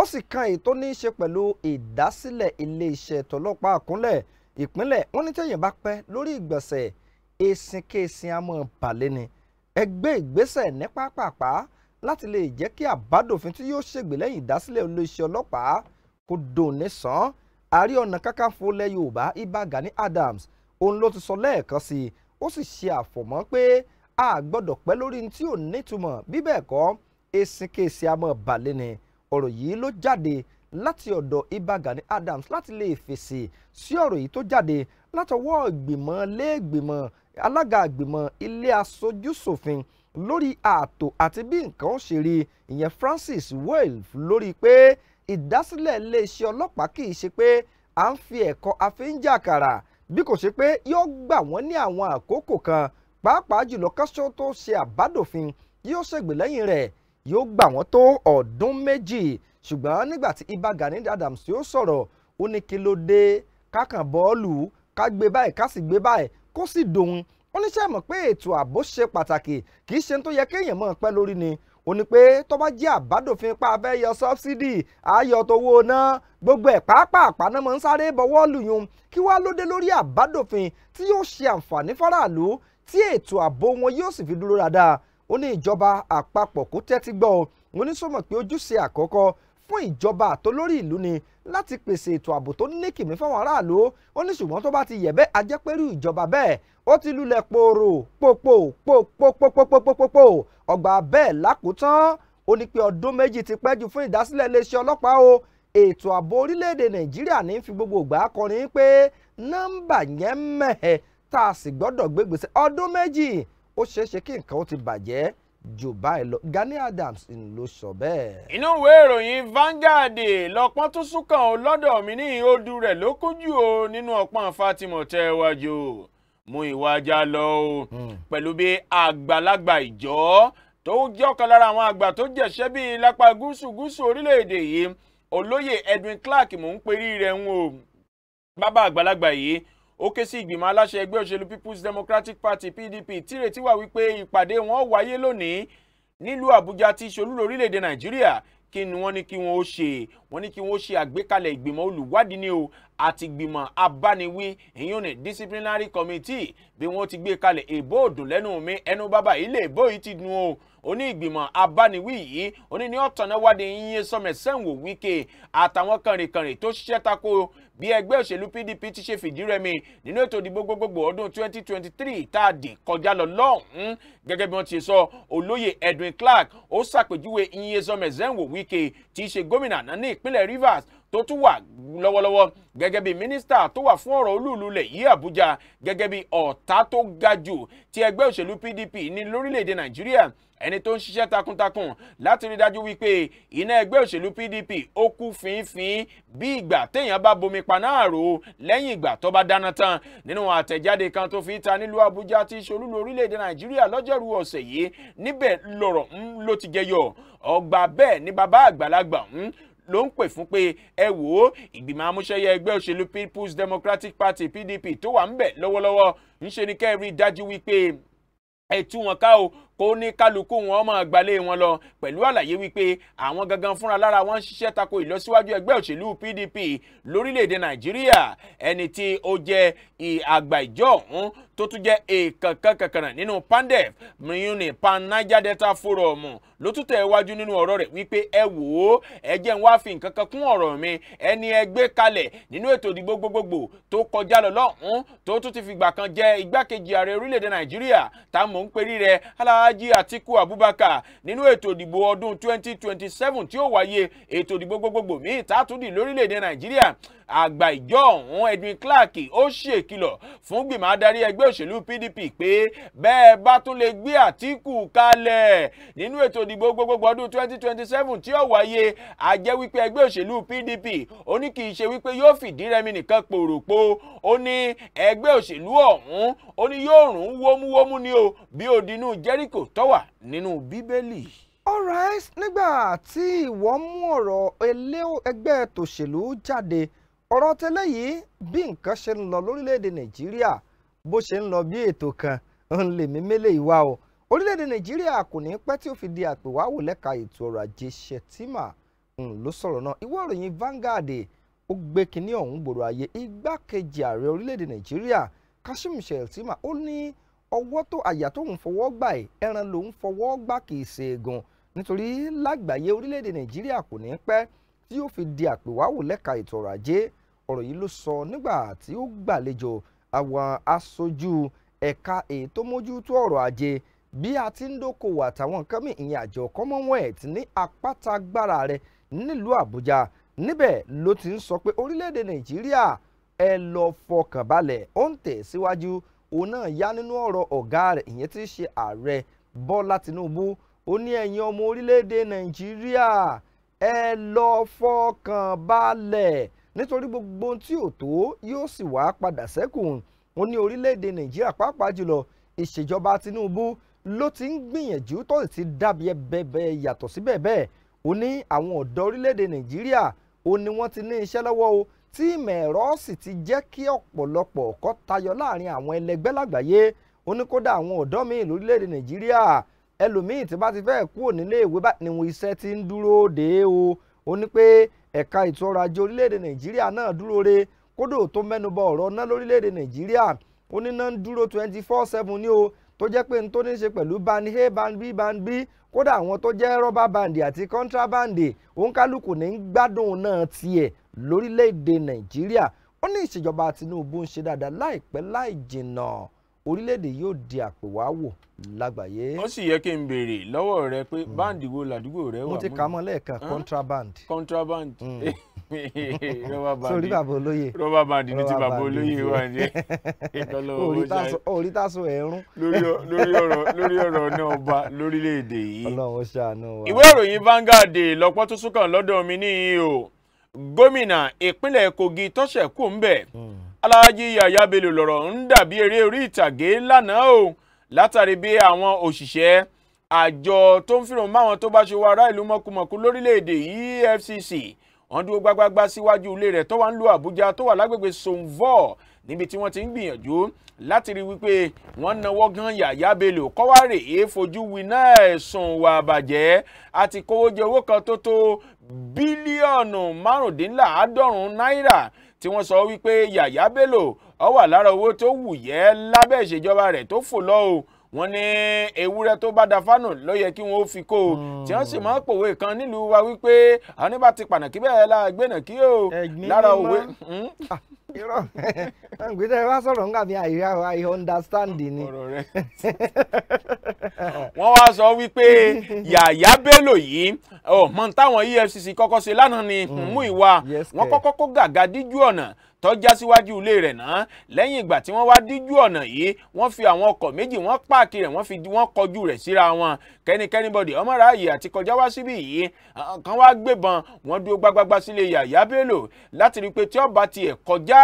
ó sì kan èyí tó ní í ṣe pẹ̀lú ìdásílẹ̀ iléeṣẹ́ tọlọ́pàá àkúnlẹ̀ ìpínlẹ̀ wọn ní tẹ̀yìn bá pẹ́ lórí ìgbọ̀nsẹ̀ esinkesin amọ̀ balẹ̀ ni ẹ gbé ìgbésẹ̀ ní pápápá láti lè jẹ́ kí àbádòfin tí yóò ṣègbélẹ́yìn ìdásílẹ̀ iléeṣẹ́ ọlọ́pàá kó dòun ní sàn án ààrẹ ọ̀nà kakanfò lẹ̀ yorùbá ibà Gani Adams òun ló ti sọ lẹ́ẹ̀kan sí i ó sì ṣe àfọ̀mọ́ pé a gbọ́dọ̀ pẹ́ lórí tí ò nítumọ̀ bí bẹ́ẹ̀ kọ́ esinkeesi amọ̀ balẹ̀ ni ọ̀rọ̀ yìí ló jáde láti ọ̀dọ̀ Ìbà Adams láti lè fèsì sí ọ̀rọ̀ yìí tó jáde látọwọ́ ìgbìmọ̀ lẹ́gbìmọ̀ alága ìgbìmọ̀ ilé aṣojúṣòfin lórí ààtò àti bí nǹkan ṣe rí ìyẹn Francis Welf lórí pé ìdásílẹ̀ iléeṣẹ́ ọlọ́pàá kì í ṣe pé à ń fi ẹ̀kọ́ àfi ń jàkàrà bí kò ṣe pé yóò gbà wọ́n ní àwọn àkókò kan pàápàá jùlọ kásọ tó ṣe àbádòfin yóò ṣègbèlẹ́yìn rẹ̀ yóò gbà wọ́n tó ọdún méjì ṣùgbọ́n nígbà tí Ìbà Gani Adams yóò sọ̀rọ̀ ó ní kí ló dé kákan bọ́ọ̀lù ká gbé báyìí ká sì gbé báyìí kó sì dòun ó ní ṣe pé ètò ààbò ṣe pàtàkì kì í ṣe tó yẹ kéèyàn mọ̀ pẹ́ lórí ni ó ní pé tó bá jẹ́ àbádòfin pa abẹ́ yọ sọ́bsidì ayọ̀ tó wó náà gbogbo ẹ̀ pàápàá náà mọ̀ ń sáré bọ́wọ́ lùyún kí wàá lóde lórí àbádòfin tí yóò ṣe àǹfààní faraàlú tí ètò ààbò wọn yóò sì fi dúró dáadáa ó ní ìjọba àpapọ̀ kó tẹ́tí gbọ́ ọ wọn ní sọmọ pé ojúṣe àkọ́kọ́ fún ìjọba àtolórí ìlú ni láti pèsè ètò ààbò tó ní kìmí fáwọn aráàlú ó ní ṣùgbọ́n tó bá ti yẹ̀ bẹ́ẹ̀ ajẹ́pẹ́rú ìjọba bẹ́ẹ̀ ó ti lulẹ̀ pòrò pòpò pòpòpòpòpòpò ọgbà bẹ́ẹ̀ lákòótán ó ní pé ọdún méjì ti pẹ́ jù fún ìdásílẹ̀ iléeṣẹ́ ọlọ́pàá o ètò ààbò orílẹ̀-èdè nàìjíríà ní fi gbogbo ìgbà kọrin pé nọ́mbà yẹn mẹ̀ẹ́ tá a sì gbọ́dọ̀ gbé gbèsè ọdún méjì ó ṣeéṣe kí nǹkan ó ti bàjẹ́ jù báyìí lọ Gani Adams ló sọ bẹ́ẹ̀. inú ìwé ìròyìn Vanguard lọ́pọ́n tún sún lọ́dọ̀ mi ní odù rẹ̀ ló kún jù nínú ọ̀pọ̀n Fatima tẹ́ mú ìwájà lọ o hmm. pẹ̀lú bí àgbàlagbà ìjọ tó jẹ́ ọ̀kan lára àwọn àgbà tó jẹ̀ṣẹ́ bíi lápá gúúsù gúúsù orílẹ̀-èdè yìí olóyè Edwin Clark mò ń perí rẹ̀ ń o bàbá àgbàlagbà yìí ó ké sí ìgbìmọ̀ aláṣẹ ẹgbẹ́ òṣèlú People's Democratic Party PDP tírètí wà wípé ìpàdé wọn wáyé lónìí nílùú Àbújá tí ṣolú lórílẹ̀-èdè Nàìjíríà kí ni wọ́n ní kí wọ́n ó ṣe wọ́n ní kí wọ́n ó ṣe àgbékalẹ̀ ìgbìmọ̀ olùwádìí ni o àti gbìmọ̀ abániwí ìyún ní disciplinary committee bí wọ́n ti gbé kalẹ̀ èbó òdùn lẹ́nu mi ẹnu bàbá ilé èbó yìí ti dùn o oní ìgbìmọ̀ abániwí yìí oní ní ọ̀tọ̀nà wádé yíyé sọmẹ̀sẹ̀wò wíkẹ́ àtàwọn kànrìnkànrìn tó ṣiṣẹ́ tako bí ẹgbẹ́ òṣèlú PDP ti ṣe fìdí rẹmi nínú ètò ìdìbò gbogbogbò ọdún 2023 tá a dì kọjá lọ lọ́hùn-ún gẹ́gẹ́ bí wọ́n ti sọ olóyè Edwin Clark ó ṣàpèjúwe iye sọmẹ̀sẹ̀wò wíkẹ́ tí í ṣe gómìnà náà ní ìpínlẹ̀ Rivers tó tún wà lọ́wọ́lọ́wọ́ gẹ́gẹ́ bí mínísítà tó wà fún ọ̀rọ̀ olúùlú lẹ̀ yí Àbújá gẹ́gẹ́ bí ọ̀tá tó ga jù ti ẹgbẹ́ òṣèlú PDP ní lórílẹ̀‐èdè Nàìjíríà ẹni tó ń ṣiṣẹ́ takuntakun láti rí dájú wípé iná ẹgbẹ́ òṣèlú PDP ó kú fínfín bí ìgbà téèyàn bá bomi paná àrò lẹ́yìn ìgbà tó bá dáná tán nínú àtẹ̀jáde kan tó fi ta nílùú Àbújá tí í ṣe olúlu orílẹ̀-èdè Nàìjíríà lọ́jọ́rú ọ̀sẹ̀ yìí níbẹ̀ lọ̀rọ̀ ń ló ti jẹyọ ọgbà bẹ́ẹ̀ ni bàbá àgbàlagbà ń ló ń pè fún pé ẹ wò ó ìgbìmọ̀ amúṣẹ́yẹ ẹgbẹ́ òṣèlú people's democratic party pdp tó wà ń bẹ̀ lọ́wọ́lọ́wọ́ ńṣe ni kẹ́ ẹ rí i dájú wípé ẹ tú wọn ká o kó ní kálukú wọn máa gbalé wọn lọ pẹ̀lú àlàyé wípé àwọn gangan fúnra lára wọn ń ṣiṣẹ́ tako ìlọsíwájú ẹgbẹ́ òṣèlú PDP lórílẹ̀‐èdè Nàìjíríà ẹni tí ó jẹ́ àgbà ìjọ ọ̀hún tó tún jẹ́ èèkànkan kankan nínú pandef mìíràn pan Niger Delta Forum ló tún tẹ̀ wájú nínú ọ̀rọ̀ rẹ̀ wípé ẹ wò ó ẹ jẹ́ ń wá fi nǹkan kan kún ọ̀rọ̀ mi ẹni ẹ gbé kalẹ̀ nínú ètò ìdìbò gbogbogbò tó kọjá lọ lọ́hùn-ún tó tún ti fìgbà kan jẹ́ igbákejì ààrẹ orílẹ̀-èdè Nàìjíríà tá mò ń perí rẹ̀ aláàlá alhaji atiku abubakar nínú ètò ìdìbò ọdún 2027 tí ó wáyé ètò ìdìbò gbogbogbò míì tààtúndì lórílẹ̀‐èdè nàìjíríà àgbà ìjọ ọ̀hún Edwin Clark ó ṣèkìlọ̀ fún gbìmọ̀ adarí ẹgbẹ́ òṣèlú PDP pé bẹ́ẹ̀ bá tún lè gbé Àtíkù kalẹ̀ nínú ètò ìdìbò gbogbogbò ọdún 2027 tí ó wáyé a jẹ́ wípé ẹgbẹ́ òṣèlú PDP ó ní kì í ṣe wípé yóò fìdí rẹmi nìkan pòròpó ó ní ẹgbẹ́ òṣèlú ọ̀hún ó ní yóò rún wómúwómú ni o bí òdinú Jẹ́ríkò tó nínú Bíbélì alright nígbà tí ìwọ mú ọ̀rọ̀ ẹgbẹ́ tòṣèlú jáde ọ̀rọ̀ tẹ́lẹ̀ yìí bí nǹkan ṣe ń lọ lórílẹ̀‐èdè nàìjíríà bó ṣe ń lọ bí ètò kan ń lè mímélé ìwà o orílẹ̀‐èdè nàìjíríà kò ní pẹ́ tí ó fi di àpèwáwò lẹ́ka ètò ọrọ̀ ajé Shettima ló sọ̀rọ̀ náà ìwé ìròyìn Vanguard ó gbé kinní ọ̀hún gbòòrò ayé igbákejì ààrẹ orílẹ̀‐èdè nàìjíríà Kashim Shettima ó ní ọwọ́ tó àyà tóun fọwọ́ gbà ẹ̀ ẹran lòun fọwọ́ gbà kì í ṣe eegun nítorí lágbàáyé orílẹ̀‐èdè nàìjíríà kò ní pẹ́ tí ó fi di àpèwáwò lẹ́ka ètò ọrọ̀ ajé ọ̀rọ̀ yìí ló sọ nígbà tí ó gbàlejò àwọn aṣojú ẹ̀ka ètò mójútó ọ̀rọ̀ ajé bí a ti ń dókòwò àtàwọn nǹkan mìíràn ìyẹn àjọ commonwealth ní apáta agbára rẹ̀ nílùú àbújá níbẹ̀ ló ti ń sọ pé orílẹ̀-èdè nàìjíríà ẹ lọ fọkàn balẹ̀ ó ń tẹ̀síwájú òun náà yá nínú ọ̀rọ̀ ọ̀gá rẹ̀ ìyẹn ti ṣe ààrẹ bọ́lá tinubu ó ní ẹ̀yin ọmọ orílẹ̀-èdè nàìjíríà ẹ lọ fọkàn nítorí gbogbo ohun tí ò tó yóò sì wá padà sẹ́kù ó ní orílẹ̀-èdè nàìjíríà pàápàá jùlọ ìṣèjọba tinubu ló ti ń gbìyànjú tó sì ti dàbí ẹbẹ̀bẹ̀ yàtọ̀ síbẹ̀ bẹ́ẹ̀ ó ní àwọn ọ̀dọ́ orílẹ̀-èdè nàìjíríà ó ní wọ́n ti ní iṣẹ́ lọ́wọ́ o tí ìmọ̀ ẹ̀rọ sì ti jẹ́ kí ọ̀pọ̀lọpọ̀ ọ̀kọ́ tayọ láàrin àwọn ẹlẹgbẹ́ lágbàáyé ó ní kódà àwọn ọ̀dọ́ míì lórílẹ̀‐èdè nàìjíríà ẹlòmíì tí bá ti fẹ́ẹ̀ kúrò nílé ìwé bá ti ń dúró dé o ó ní pé ẹ̀ka ètò ọrọ̀ ajé orílẹ̀-èdè nàìjíríà náà dúró re kódò tó mẹ́nubà ọ̀rọ̀ ná lórílẹ̀-èdè nàìjíríà oníná ń dúró twenty four seven ní o tó jẹ́ pé n tó ní ṣe pẹ̀lú band a band b band b kódà àwọn tó jẹ́ rọ́bà bandi àti kọ́ńtrábàndì òǹkálùkù ní gbádùn náà tiẹ̀ lórílẹ̀-èdè nàìjíríà ó ní ìṣèjọba Tinubu ń ṣe dáadáa láìpẹ́ láì jìnnà orílẹ̀-èdè yóò di àpèwáwò lágbàáyé. ó sì yẹ kí n béèrè lọ́wọ́ rẹ pé hmm. báǹdì wo làdúgbò rẹ wà mú. mo ti kà á mọ́ lẹ́ẹ̀kan contraband. contraband hmm. rọ́bà bandi sórí bàbá olóye rọ́bà bandi ní ti bàbá olóye wà ní orí tásùn ẹ̀rún. lórí ọ̀rọ̀ náà bá lórílẹ̀‐èdè yìí. ọlọ́run ṣàánú wa. ìwé ìròyìn Vanguard lọ́pọ̀ tó sún kàn lọ́dọ̀ mi níyì o gómìnà ìpínlẹ̀ Kogi tọ́sẹ̀ kù ń bẹ̀. Mm aláàjì Yahya Bello lọ̀rọ̀ ń dàbí eré orí ìtàgé lánàá o látàrí bí àwọn òṣìṣẹ́ àjọ tó ń fìràn máwọn tó bá ṣe wá ará ìlú mọ̀kùmọ̀kù lórílẹ̀‐èdè EFCC wọ́n dúró gbágbágbá síwájú ilé rẹ̀ tó wà ń lu Àbújá tó wà lágbègbè Sonvo níbi tí wọ́n ti ń gbìyànjú láti rí wípé wọ́n nawọ́ gan Yahya Bello kọ́wárè é fojú winá ẹ̀sùn ìwà àbàjẹ́ àti kówó jẹ owó kan tó tó bílíọ̀nù márùndínláàádọ́rùn-ún náírà tí wọ́n sọ wípé Yàyà Bello ó wà lára owó tó wù yẹ́ lábẹ́ ìṣèjọba rẹ̀ tó fò lọ o wọ́n ní ewúrẹ́ tó bá da fánù ló yẹ kí wọ́n ó fi kó o tí wọ́n sì máa ń pòwe kan nílùú wa wípé àwọn níbà ti bẹ́ẹ̀ la gbẹ̀nà kí o lára òwe irọ́ gbèsè wá sọ̀rọ̀ nígbà mi àìríà àì understand ni. wọ́n wá sọ wípé yàyà bello yìí mọ̀ táwọn efcc kọ́kọ́ ṣe lánàá ni mm. mú ìwà wọn kọ́kọ́ kó gàgà díjú ọ̀nà tọ́já síwájú ilé rẹ̀ náà lẹ́yìn ìgbà tí wọ́n wá díjú ọ̀nà yìí wọ́n fi àwọn ọkọ̀ méjì wọ́n páàkì rẹ̀ wọ́n fi wọ́n kọjú rẹ̀ síra wọn kẹ́nikẹ́ni bọ̀dì ọmọráàyè àti kọjá wá síbí yìí kan wá gbébọn wọ́n dúró gbágbágbá sílé Yàyà Bello láti rí pé tí ọba tiẹ̀ kọjá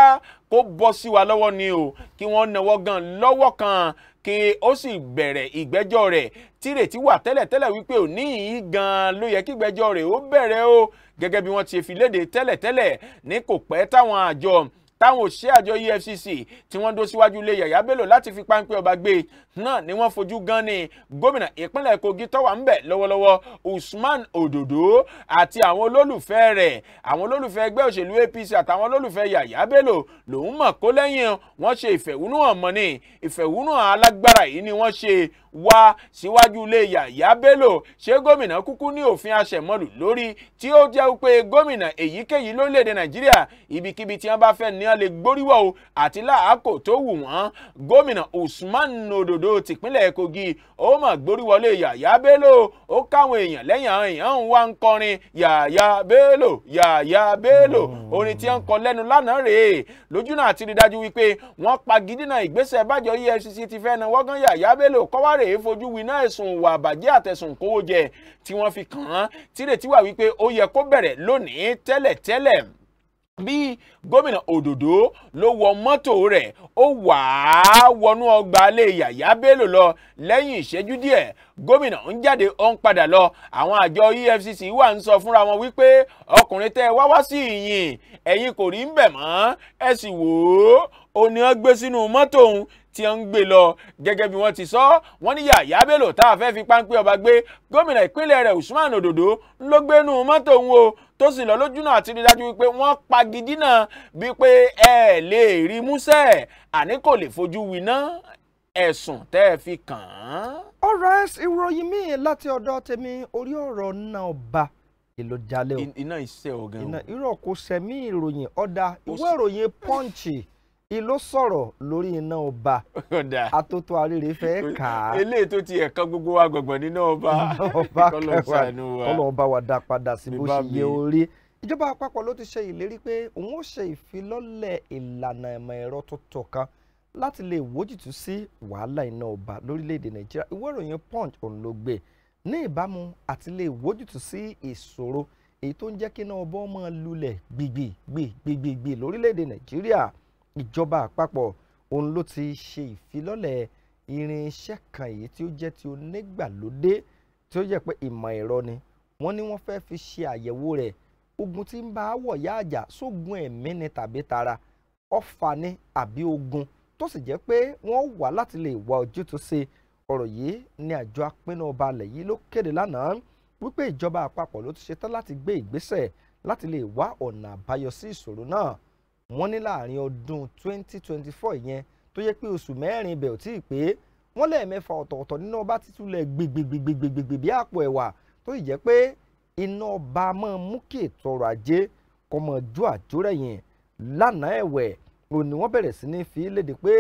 kó bọ́ sí wa lọ́wọ́ ni o kí wọ́n náwó gan lọ́wọ́ kan kí ó sì bẹ̀rẹ̀ ìgbẹ́jọ́ rẹ̀ tírètí wà tẹ́lẹ̀tẹ́lẹ̀ wípé òní yìí gan ló yẹ kí ìgbẹ́jọ́ rẹ̀ ó bẹ̀rẹ̀ o gẹ́gẹ́ bí wọ́n ti fi léde tẹ́lẹ̀tẹ́lẹ̀ ní kò pẹ́ táwọn àjọ táwọn òṣìṣẹ́ àjọ EFCC tí wọ́n dó síwájú lé Yàyà Bello láti fi páńpẹ́ ọba gbé náà ni wọ́n fojú gan ni gómìnà ìpínlẹ̀ Kogi tó wà ń bẹ̀ lọ́wọ́lọ́wọ́ Usman Ododo àti àwọn olólùfẹ́ rẹ̀ àwọn olólùfẹ́ ẹgbẹ́ òṣèlú APC àtàwọn olólùfẹ́ Yàyà Bello lòún mọ̀ kó lẹ́yìn wọ́n ṣe ìfẹ̀hónúhàn mọ́ ni ìfẹ̀hónúhàn alágbára yìí ni wọ́n ṣe wá síwájú ilé Yàyà Bello ṣé gómìnà kúkú ní òfin àṣẹmọlù lórí tí ó jẹ́ pé gómìnà èyíkéyìí lórílẹ̀‐èdè Nàìjíríà ibikíbi tí wọ́n bá fẹ́ ní wọ́n lè gboríwọ̀ o àti láàkó tó wù wọ́n gómìnà Usman Ododo ondo tìpínlẹ̀ kogi ó mà gboríwọlé yàyà bello ó káwọn èèyàn lẹ́yìn àwọn èèyàn ń wá ń kọrin yàyà bello yàyà bello orin tí wọ́n ń kọ lẹ́nu lánàá rèé lójú náà ti rí dájú wípé wọ́n pagidínà ìgbésẹ̀ bájọ efcc ti fẹ́ na wọ́gán yàyà bello kọ́wá rèé fojú winá ẹ̀sùn ìwà àbàjẹ́ àtẹ̀sùn kówó jẹ tí wọ́n fi kàn án tírètí bí gómìnà òdòdó ló wọ mọ́tò rẹ̀ ó wà á wọnú ọgbà ilé yàyà bello lọ lẹ́yìn ìṣẹ́jú díẹ̀ gómìnà ń jáde ó ń padà lọ àwọn àjọ EFCC wà ń sọ fúnra wọn wípé ọkùnrin tẹ́ ẹ wá wá sí ìyìn ẹ̀yin kò rí ń bẹ̀ mọ́ ẹ sì wò ó ó ní wọ́n gbé sínú mọ́tò òun tí wọ́n ń gbé lọ gẹ́gẹ́ bí wọ́n ti sọ wọ́n ní Yàyà Bello tá a fẹ́ fi páńpẹ́ ọba gbé gómìnà ìpínlẹ̀ rẹ̀ Usman Ododo ló gbénú mọ́tò òun o tó sì lọ lójúnà àti rí dájú wípé wọ́n pagidínà bíi pé ẹ lè rí músẹ̀ àní kò lè fojú winá ẹ̀sùn tẹ́ ẹ fi kàn án. ọ̀rọ̀ ìròyìn míì láti ọ̀dọ̀ tèmi orí ọ̀rọ̀ náà ọba èlò jalè o. iná iṣẹ́ ọ̀gán o. iná irọ́ kò sẹ́mi ìròyìn ọ̀dà ìwé ìròyìn pọ́ǹchì ìlú sọ̀rọ̀ lórí iná ọba atótó arére fẹ́ kà á. eléyìí tó ti ẹ̀kan gbogbo wa gbọ̀ngbọ̀n nínú ọba ọlọ́ọ̀ba wa dá padà sí bó ṣe yẹ orí. ìjọba àpapọ̀ ló ti ṣe ìlérí pé òun ó ṣe ìfilọ́lẹ̀ ìlànà ìmọ̀ ẹ̀rọ tuntun kan láti lè wójútùú sí wàhálà iná ọba lórílẹ̀‐èdè nàìjíríà ìwé ìròyìn punch òun ló gbé e. ní ìbámu àti lè wójútùú sí ìṣòro èyí tó ń jẹ́ kí iná ọba ọmọ lulẹ̀ gbìgbì gbìgbì lórílẹ̀‐èdè nàìjíríà ìjọba àpapọ̀ òun ló ti ṣe ìfilọ́lẹ̀ irinṣẹ́ kan èyí tí ó jẹ́ ti onígbàlódé tí ó jẹ́ pé ìmọ̀ ẹ̀rọ ni wọ́n ní wọ́n fẹ́ fi ṣe àyẹ̀wò rẹ̀ ogun tí ń bá wọ̀ yá àjà sógun ẹ̀mí ni tàbí tara ọfà ni àbí ogun tó sì jẹ́ pé wọ́n wà láti lè wá ojútùú sí ọ̀rọ̀ yìí ni àjọ apínú ọba alẹ̀ yìí ló kéde lánàá wípé ìjọba àpapọ̀ ló ti ṣetán láti gbé ìgbésẹ̀ láti lè wá ọ̀nà àbáyọ sí ìṣòro náà wọ́n ní láàrin ọdún 2024 yẹn tó yẹ pé oṣù mẹ́rin ibẹ̀ ò tí ì pé wọ́n lẹ́ẹ̀mẹ́fà ọ̀tọ̀ọ̀tọ̀ nínú ọba títúlẹ̀ gbègbègbègbègbè bí àpò ẹ̀wà tó sì jẹ́ pé iná ọba máa mú kí ètò ọrọ̀ ajé kó mọ ju àjórẹ̀ yẹn lánàá ẹ̀wẹ̀ òní wọ́n bẹ̀rẹ̀ sí ní fi léde pé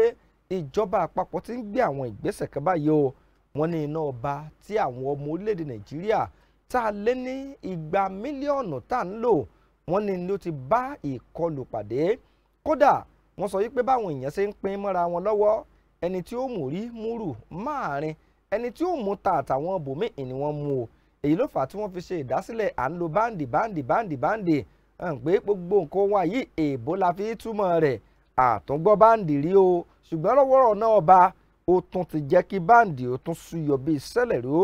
ìjọba àpapọ̀ ti ń gbé àwọn ìgbésẹ̀ kan báyìí o wọ́n ní iná ọba tí àwọn ọmọ orílẹ̀-èdè Nàìjíríà tá a lé ní igba mílíọ̀nù tá à ń lò wọ́n ní ló ti bá ìkọlù pàdé kódà wọ́n sọ wípé báwọn èèyàn ṣe ń pín mọ́ra wọn lọ́wọ́ ẹni tí ó mú rí múrù máàrin ẹni tí ó mú ta àtàwọn bòmí ìní wọn mú o èyí ló fà á tí wọ́n fi ṣe ìdásílẹ̀ à ń lo báǹdì báǹdì báǹdì báǹdì hàn pé gbogbo nǹkan wa yìí èèbó la fi túmọ̀ rẹ̀ àtúngbọ́ báǹdì rí o ṣùgbọ́n lọ́wọ́rọ̀ náà ọba ó tún ti jẹ́ kí báǹdì ó tún súyọ bíi sẹ́lẹ̀ ró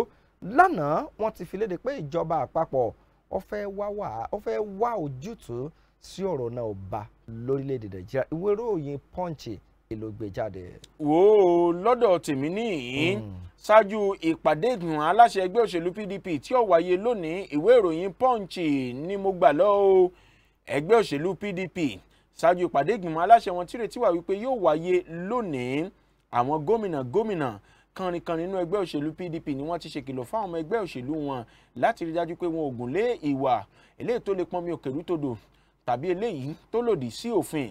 lánàá wọ́n ti fi léde pé ìjọba àpapọ̀ ó fẹ́ wá wá ó fẹ́ wá ojútùú sí ọ̀rọ̀ náà ọba lórílẹ̀‐èdè nàìjíríà ìwé ìròyìn punch èlò gbé jáde. wò ó lọ́dọ̀ tèmi nìyín hmm. ṣáájú ìpàdé ìgbìmọ̀ aláṣẹ ẹgbẹ́ òṣèlú pdp tí ó wáyé lónìí ìwé ìròyìn punch ni mo gbà lọ o ẹgbẹ́ òṣèlú pdp ṣáájú ìpàdé ìgbìmọ̀ aláṣẹ wọn tírètí wà wípé yóò wáyé lónìí àwọn gómìnà gómìnà kànrìnkàn nínú ẹgbẹ́ òṣèlú PDP ni wọ́n ti ṣèkìlọ̀ fáwọn ọmọ ẹgbẹ́ òṣèlú wọn láti rí dájú pé wọn ò gùn lé ìwà eléyìí tó lè pọnmi òkèrú tòdò tàbí eléyìí tó lòdì sí òfin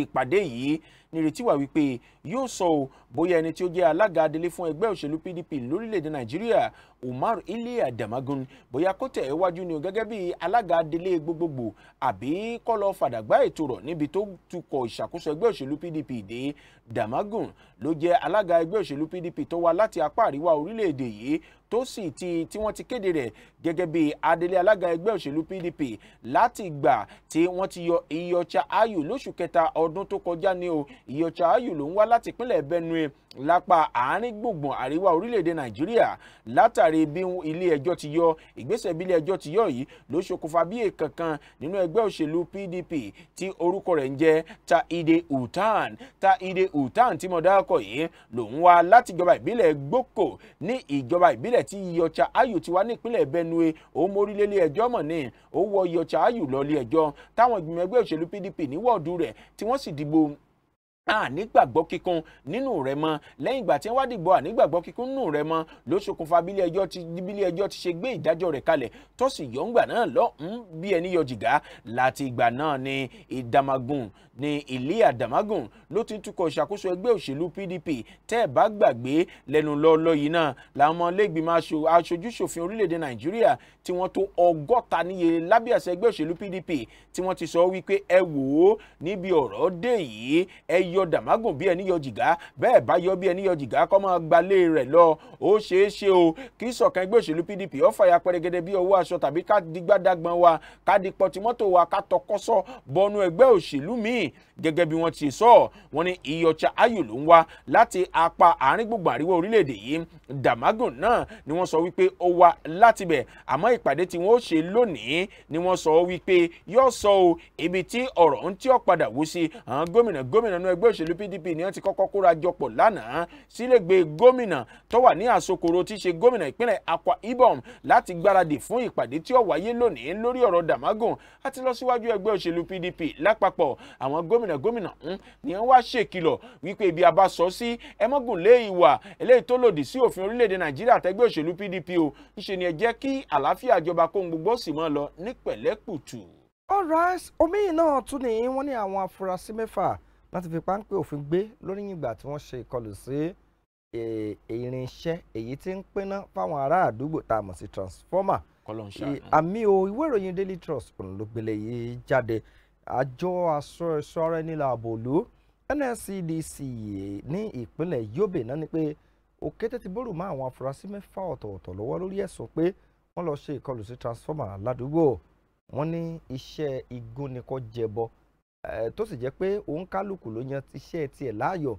ìpàdé yìí nírètí wà wípé yóò sọ ọ́ bóyá ẹni tí ó jẹ́ alága adelé fún ẹgbẹ́ òṣèlú PDP lórílẹ̀ Nàìjíríà Umar Iliya Damagun bóyá kó tẹ̀ ẹ́ wájú ni o gẹ́gẹ́ bí alága adelé gbogbogbò àbí kọ́ lọ fàdàgbà ètò rọ̀ níbi tó tukọ̀ ìṣàkóso ẹgbẹ́ òṣèlú PDP dé Damagun ló jẹ́ alága ẹgbẹ́ òṣèlú PDP tó wá láti apá àríwá orílẹ̀-èdè yìí tó sì ti tí wọ́n ti kéde rẹ̀ gẹ́gẹ́ bí adelé alága ẹgbẹ́ òṣèlú PDP láti ìgbà tí wọ́n ti yọ Iyorchia Ayu lóṣù kẹta ọdún tó kọjá ní o Iyorchia Ayu ló ń wá láti ìpínlẹ̀ Benue lápá àárín gbùngbùn àríwá orílẹ̀-èdè Nàìjíríà látàrí bí ilé ẹjọ́ ti yọ ìgbésẹ̀ bí ilé ẹjọ́ ti yọ yìí ló ṣokùnfà bí èèkànkan nínú ẹgbẹ́ òṣèlú PDP tí orúkọ rẹ̀ ń jẹ́ Taide Utan Taide Utan tí mo dárúkọ yìí lòun wá láti ìjọba ìbílẹ̀ Gboko ní ìjọba ìbílẹ̀ tí Iyorchia Ayu ti wá nípínlẹ̀ Benue òun mórílẹ̀ ilé ẹjọ́ mọ̀ ní ó wọ Iyorchia Ayu lọ ilé ẹjọ́ táwọn ìgbìmọ̀ ẹgbẹ́ òṣèlú PDP ní wọ́ọ̀dù rẹ̀ tí wọ́n sì dìbò ànígbàgbọ́ kíkún nínú rẹ̀ mọ́ lẹ́yìn ìgbà tí wọ́n dìbò ànígbàgbọ́ kíkún nínú rẹ̀ mọ́ ló ṣokùnfà bílé ẹjọ́ ti bílé ẹjọ́ ti ṣe gbé ìdájọ́ rẹ̀ kalẹ̀ tó sì yọ̀ǹgbà náà lọ hmm, bí ẹni yọ jìgá láti ìgbà náà ni ìdàmàgùn ní ilé àdàmágùn ló ti ń tukọ̀ ìṣàkóso ẹgbẹ́ òṣèlú PDP tẹ́ ẹ̀ bá gbàgbé lẹ́nu lọ́ọ́lọ́ yìí náà làwọn ọlẹ́gbìmọ̀ aṣojúṣòfin orílẹ̀-èdè Nàìjíríà tí wọ́n tó ọgọ́ta níye lábẹ́ àṣẹ ẹgbẹ́ òṣèlú PDP tí wọ́n ti sọ wípé ẹ wò ó níbi ọ̀rọ̀ dé yìí ẹ yọ dàmágùn bí ẹni yọ jìgá bẹ́ẹ̀ bá yọ bí ẹni yọ jìgá kọ́ máa gbalé rẹ̀ lọ ó ṣeé ṣe o kí sọ̀kan ẹgbẹ́ òṣèlú PDP ó fàya pẹrẹgẹdẹ bí ọwọ́ aṣọ tàbí ká digbádàgbọ̀n wa ká di wa ká tọkọ́sọ bọnu ẹgbẹ́ òṣèlú míì Benin gẹ́gẹ́ bí wọ́n ti sọ wọ́n ní Iyorchia Ayu ló ń wá láti apá àárín gbùngbùn àríwá orílẹ̀-èdè yìí Damagun náà ni wọ́n sọ wípé ó wá látibẹ̀ àmọ́ ìpàdé tí wọ́n ó ṣe lónìí ni wọ́n sọ wípé yóò sọ o ibi tí ọ̀rọ̀ ń tí ó padà wú sí àwọn gómìnà gómìnà inú ẹgbẹ́ òṣèlú PDP ni wọ́n ti kọ́kọ́ kóra jọpọ̀ lánàá sílẹ̀gbẹ́ gómìnà tó wà ní àsokoro tí ṣe gómìnà ìpínlẹ̀ Akwa Ibom láti gbáradì fún ìpàdé tí ó wáyé lónìí lórí ọ̀rọ̀ Damagun àti lọ síwájú ẹgbẹ́ òṣèlú PDP lápapọ̀ àwọn àwọn gómìnà gómìnà hmm, ni wọ́n wá ṣèkìlọ̀ wípé ibi abasọ sí ẹmọ́gùn lé ìwà eléyìí tó lòdì sí òfin orílẹ̀-èdè nàìjíríà tẹ́gbẹ́ òṣèlú pdp o ńṣe ni ẹ jẹ́ kí àlàáfíà ìjọba kóhun gbogbo sì mọ́ lọ ní pẹ̀lẹ́kùtù. alright omiyin náà tún ní wọ́n ní àwọn afurasí mẹ́fà láti fi páńpẹ́ òfin gbé lóríyìn ìgbà tí wọ́n ṣe ìkọlù sí e, irinṣẹ́ èyí tí ń pinná fáwọn ará àdúgbò tá a mọ̀ sí transformer e, àmì o ìwé ìròyìn daily trust òun ló gbélé yìí jáde àjọ aṣọ ara ẹni làbò NSCDC ní ìpínlẹ̀ Yobe náà ni pé òkété ti bórù mọ́ àwọn afurasí mẹ́fà ọ̀tọ̀ọ̀tọ̀ lọ́wọ́ lórí ẹ̀sùn pé wọ́n lọ́ọ́ ṣe ìkọlù sí transformer ládùúgbò wọ́n ní iṣẹ́ igúnnikọ́jẹbọ tó sì jẹ́ pé òun kálukú ló yan iṣẹ́ tiẹ̀ láàyò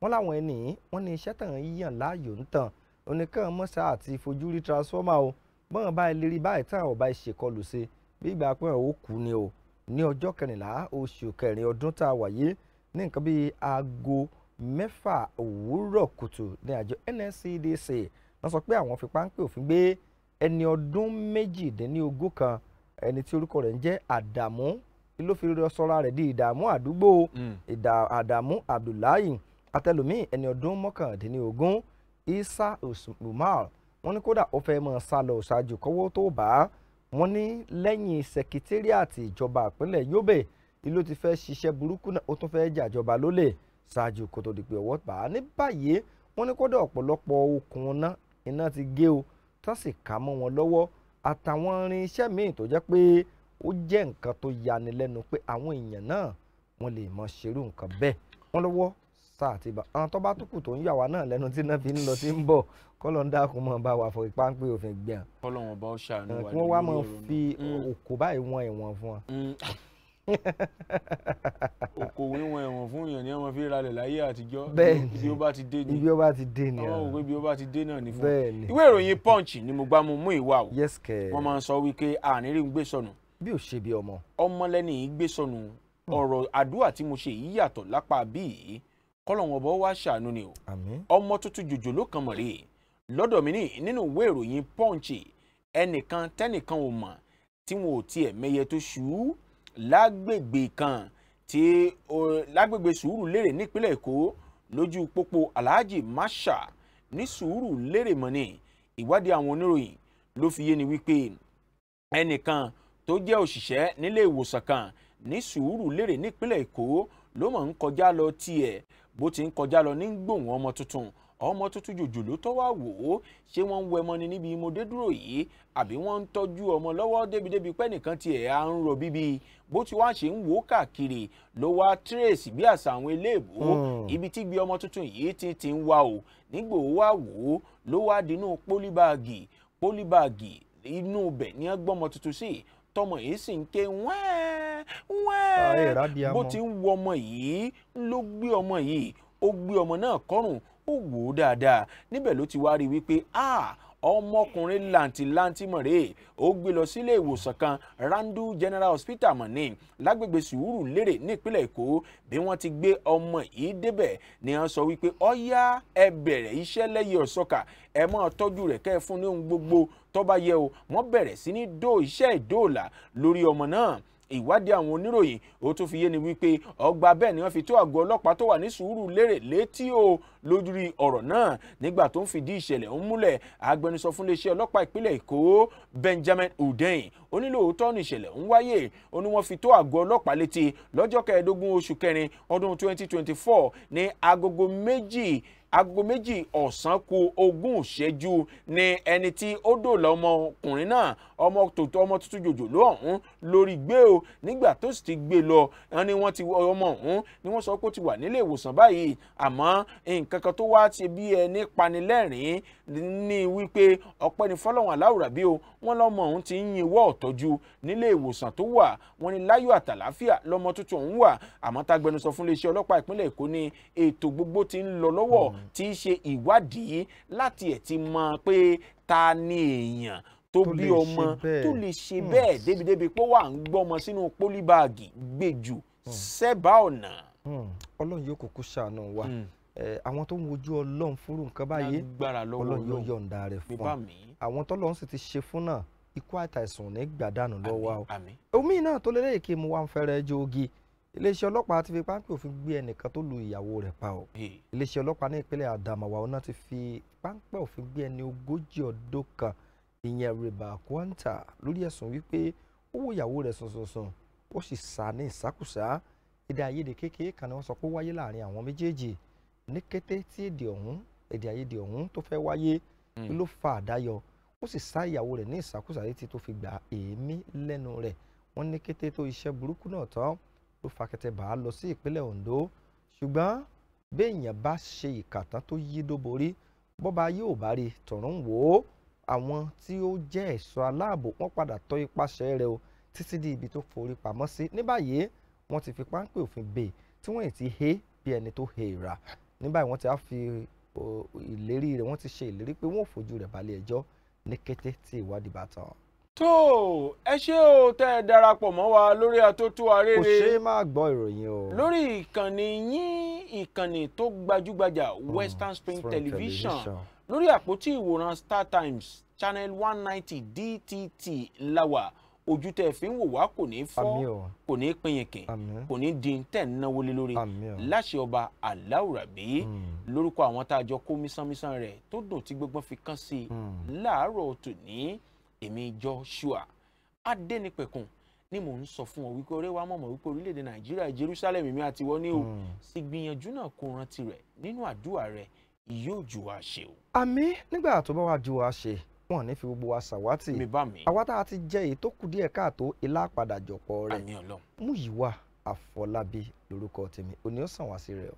wọ́n láwọn ẹni wọ́n ní iṣẹ́ tàn yíyàn láàyò ń tàn oníkàn mọ́sá àti fojú rí transformer o bọ́n bá ilé báyìí tàn ọ̀bá ìṣèkọlù sí bí ìgbà pé òun kú ni o ní ọjọ́ kẹrìnlá oṣù kẹrin ọdún tá a wà yìí ní nǹkan bíi aago mẹ́fà òwúrọ̀ kùtù ní àjọ NSCDC wọ́n sọ pé àwọn fi páńpẹ́ òfin gbé ẹni ọdún méjìdínlógún kan ẹni tí orúkọ rẹ̀ ń jẹ́ Àdàmú ló fi sọ́ra rẹ̀ di ìdààmú àdúgbò Àdàmú hmm. Abdullahi atẹlómìn ẹni ọdún mọ́kàndínlógún Isa Umar wọ́n ní kódà ó fẹ́ mọ́ sálọ ṣáájú kọ́wọ́ tó bá a wọ́n ní lẹ́yìn sẹkítẹ́rìàtì ìjọba àpínlẹ̀ Yobe ìlú ti fẹ́ ṣiṣẹ́ burúkú náà ó tún fẹ́ jàjọba lólè ṣáájú kó tó di pé ọwọ́ bá a ní báyìí wọ́n ní kódà ọ̀pọ̀lọpọ̀ okùn iná iná ti gé o tán sì ká mọ́ wọn lọ́wọ́ àtàwọn irinṣẹ́ míì tó jẹ́ pé ó jẹ́ nǹkan tó yanilẹ́nu pé àwọn èèyàn náà wọ́n lè mọ ṣerú nǹkan bẹ́ẹ̀ wọ́n lọ́wọ́ star àti ibà àwọn tó bá tó kù tó ń yà wá náà lẹ́nu tí náà fi ń lọ sí ń bọ̀ kọ́lọ̀ ń dákun mọ́ bá wa fọ ipá ń pé òfin gbìyàn. kọ́lọ́wọ́n bá ó ṣàánú wa nínú ìrònú. wọ́n wá mọ̀ fi mm. òkò báyìí wọn ìwọ̀n fún wa. Mm. òkò wíwọ̀n ìwọ̀n fún èèyàn ni wọ́n fi ralẹ̀ láyé àtijọ́ ibi ó bá ti dé ni ibi ó bá ti dé ni àwọn òwe ibi ó bá ti dé náà ni fún un. ìwé punch ni mo gbá mu mú ìwà o wọ́n máa ń sọ wípé àníní ń gbé sọnù. bí ò ṣe omo ọmọ. ọmọ lẹ́ni ìgbésọnù hmm. ọ̀rọ̀ àdúrà tí mo ṣe yìí yàtọ̀ lápá bíi kọ́lọ́hún ọba wa ṣàánú ni o ọmọ tuntun jòjòló kan mọ̀ rí lọ́dọ̀ mi ní nínú ìwé ìròyìn pọ́ǹchì ẹnìkan tẹ́nìkan ò mọ̀ tí wọn ò tiẹ̀ mẹyẹ tó ṣú lágbègbè kan tí lágbègbè sùúrù lérè nípínlẹ̀ èkó lójú pópó alhaji masha ní sùúrù lérè mọ́ ni ìwádìí àwọn oníròyìn ló fi yé ni wípé ẹnìkan tó jẹ́ òṣìṣẹ́ nílé ìwòsàn kan ní sùúrù lérè nípínlẹ̀ èkó ló mọ̀ ń kọjá lọ tiẹ̀ bó ti ń kọjá lọ ní gbòǹwò ọmọ tuntun ọmọ tuntun jòjòló tó wá wò ó ṣé wọ́n ń wẹ mọ́ ni níbi imodé dúró yìí àbí wọ́n ń tọ́jú ọmọ lọ́wọ́ débi-débi pẹ́ nìkan tiẹ̀ à ń rọ bíbí bó ti wá ṣe ń wò ó káàkiri ló wá tírèsì bí àṣà àwọn eléèbó hmm. ibi tí gbé ọmọ tuntun yìí ti ti ń wá o nígbò wá wò ó ló wá dínú pólíbáàgì pólíbáàgì inú ibẹ̀ ni wọ́n gbọ́mọ tuntun sí tọmọ yìí sì ń ké wẹ́ẹ́ wẹ́ẹ́ bó ti ń wọ ọmọ yìí ló gbé ọmọ yìí ó gbé ọmọ náà kọ́rùn ó wò ó dáadáa níbẹ̀ ló ti wá rí wípé ọmọkùnrin làǹtìlanti mọ̀rẹ́ ó gbé lọ sílé ìwòsàn kan Randu General Hospital mọ̀ní lágbègbè Sùúrù lérè nípínlẹ̀ Èkó bí wọ́n ti gbé ọmọ yìí débẹ̀ ni wọ́n sọ wípé ọ̀yá ẹ bẹ̀rẹ̀ iṣẹ́ lẹ́yìn ọ̀sọ́kà ẹ máa tọ́jú rẹ̀ kẹ́ ẹ fún ní ohun gbogbo tó yẹ o wọ́n bẹ̀rẹ̀ sí ní dó iṣẹ́ ìdóòlà lórí ọmọ náà ìwádìí àwọn oníròyìn ó tún fi yé ni wípé ọgbà bẹ́ẹ̀ ni wọ́n fi tó àgọ́ ọlọ́pàá tó wà ní sùúrù lérè létí o lórí ọ̀rọ̀ náà nígbà tó ń fìdí ìṣẹ̀lẹ̀ ń múlẹ̀ agbẹnusọ fún iléeṣẹ́ ọlọ́pàá ìpínlẹ̀ èkó benjamin hundeyin ó ní lóòótọ́ ní ìṣẹ̀lẹ̀ ń wáyé ó ní wọ́n fi tó àgọ́ ọlọ́pàá létí lọ́jọ́ kẹẹ̀ẹ́dógún oṣù kẹrin ọdún 2024 ní agogo méjì agogo méjì ọ̀sán ku ogún ìṣẹ́jú ni ẹni tí ó dòòlà ọmọkùnrin náà ọmọ tòótọ́ ọmọ tuntun jòjòló ọ̀hún lórí gbé o nígbà tó sì ti gbé lọ wọn ni wọn ti ọmọ ọ̀hún ni wọn sọ pé ó ti wà nílé ìwòsàn báyìí àmọ́ nǹkan kan tó wá ti bí ẹni panilẹ́rìn ní wípé ọpẹ́ ni fọlọ́wọn aláwùrà bí o wọn lọ́mọ ọ̀hún ti ń yin ìwọ́ ọ̀tọ́jú nílé ìwòsàn tó wà wọn ni láyọ̀ àtàláfíà lọ́mọ tuntun ọ̀hún wà àmọ́ tágbẹnusọ fún iléeṣẹ́ ọlọ́pàá ìpínlẹ̀ èkó ni ètò gbogbo ti ń lọ lọ́wọ́ hmm. tí í ṣe ìwádìí láti ẹ̀ ti mọ̀ pé ta ni èèyàn tó bí ọmọ tó lè ṣe hmm. bẹ́ẹ̀ débìdébì pé wà ń gbọ́mọ sínú pólíbáàgì gbèjù sẹ́bàá hmm. ọ̀nà. Hmm. ọlọ́run yóò kúkú ṣàánú wa àwọn tó ń wojú ọlọ́run fúru nǹkan báyìí ọlọ́run yóò yọ̀ǹda rẹ̀ fún wa àwọn tọ́lọ́run sì ti ṣe fún náà ikú àtàìsàn ní gbàdánù lọ́wọ́ o omi náà tó lélẹ́yìn kí mu wá ń fẹ́rẹ́ jogi iléeṣẹ́ ọlọ́pàá ti fi páńpẹ́ òfin gbé ẹnìkan tó lu ìyàwó rẹ̀ pa o iléeṣẹ́ ọlọ́pàá ní ìpínlẹ̀ Adamawa náà ti fi páńpẹ́ òfin gbé ẹni ogójì ọdún kan ìyẹn Reba Kwanta lórí ẹ̀sùn wípé ó wò ìyàwó rẹ̀ sọ̀sọ̀sọ̀ ó sì sá ní ìsákùsá èdè àìyedè kékeré kan ni wọ́n sọ pé ó wáyé láàrin àwọn méjèèjì ní kété tí èdè ọ̀hún èdè àìyedè ọ̀hún tó fẹ́ wáyé hmm. ló fa àdáyọ ó sì sá ìyàwó rẹ̀ ní ìsákùsá létí tó fi gba èémí lẹ́nu rẹ̀ wọ́n ní kété tó iṣẹ́ burúkú náà tán ló fa kẹtẹ bá a lọ sí ìpínlẹ̀ Ondo ṣùgbọ́n béèyàn bá ṣe ìkàtán tó yí dóborí bọ́ba yóò bá rí tọ̀rún wò àwọn tí ó jẹ́ ẹ̀ṣọ́ aláàbò wọ́n padà tọ́ ipasẹ̀ rẹ̀ o títí di ibi tó forí pamọ́ sí ní báyìí wọ́n ti fi páńpẹ́ òfin bè tí wọ́n ti he bí ẹni tó he ìra ní báyìí wọ́n ti á fi ìlérí rẹ̀ wọ́n ti ṣe ìlérí pé wọ́n ò fojú rẹ̀ balẹ̀ ẹjọ́ ní kété tí ìwádìí bá tán tó ẹ ṣé o tẹ́ ẹ darapọ̀ mọ́ wa lórí atótó arére. kò ṣeé máa gbọ́ ìròyìn o. lórí ìkànnì yín ìkànnì tó gbajúgbajà hmm, Western Spring Television lórí àpótí ìwòran Star Times channel one ninety DTT lawa, ojú tẹ́ fi ń wò wá kò ní fọ́ kò ní pinyìnkìn kò ní di tẹ́ ń náwó lé lórí láṣẹ ọba aláwùrábí hmm. lórúkọ àwọn tá a jọ kó mísánmísán rẹ̀ tó dùn tí gbọ́ngbọ́n fi kán sí i hmm. láàárọ̀ tòní èmi Joshua Adénípẹ̀kun ni mò ń sọ fún ọ wípé ọ̀rẹ́ wa mọ̀mọ́ wípé orílẹ̀-èdè Nàìjíríà Jerusalem mi àti wọ́n ní o hmm. sì gbìyànjú náà kó rántí rẹ̀ nínú àdúrà rẹ̀ yóò jù wá ṣe o. àmì nígbà tó bá wa jù wá ṣe wọn ní fi gbogbo wa ṣàwátì àwa tá a ti jẹ èyí tó kù díẹ̀ káàtó ilá padà jọpọ rẹ Múyìwá Àfọlábí lórúkọ tèmi òní ó sàn wá sí rẹ o.